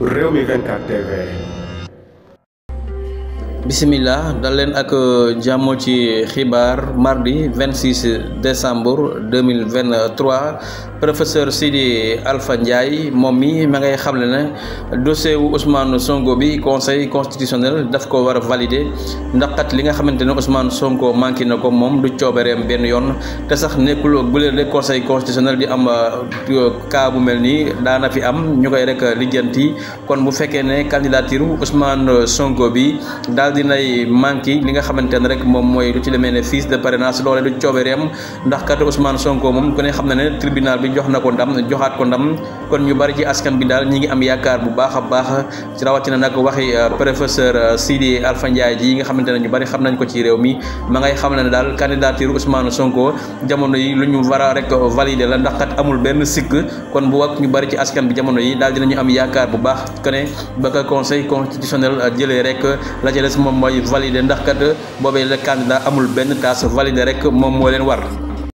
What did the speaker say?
Rewmi 24 TV bismillah dalen leen ak jàmm ci mardi 26 décembre 2023 professeur Sidi Alpha Ndiaye moom mi ma ngay xamle ne dossier wu Ousmane Sonko bi conseil constitutionnel daf ko war a valider ndax kat li nga xamante ne Ousmane Sonko manqué na ko du te sax conseil constitutionnel di am euh, cas bu mel nii daana fi am ñu koy rek lijjanti kon bu fekkee ne candidature Ousmane Sonko bi daal manki manqué li nga xamante ne rek moom mooy lu ci demee ne fiche de parrainage loolee du coobereem ndax kat Ousmane Sonko moom ku ne ne tribunal bi jox na johat ndam joxaat ko ndam kon ñu bari ci askan bi daal ñi ngi am yaakaar bu baax a baax ci rawatina nag waxi euh, professeur euh, Sidi Alpha Ndiaye ji yi nga xamante ne ñu bari xam nañ ko ci réew mi ma ngay xam ne daal candidature Ousmane Sonko jamono yi lu ñu rek valider la ndax kat amul Ben sikk kon bu wax ñu bari ci askan bi jamono yi daal dinañu am yaakaar bu baax kene ba ka conseil constitutionnel euh, jëlee rek la moom mooy valider ndax kat boobee la candidat amul benn taas valider rek moom moo leen war.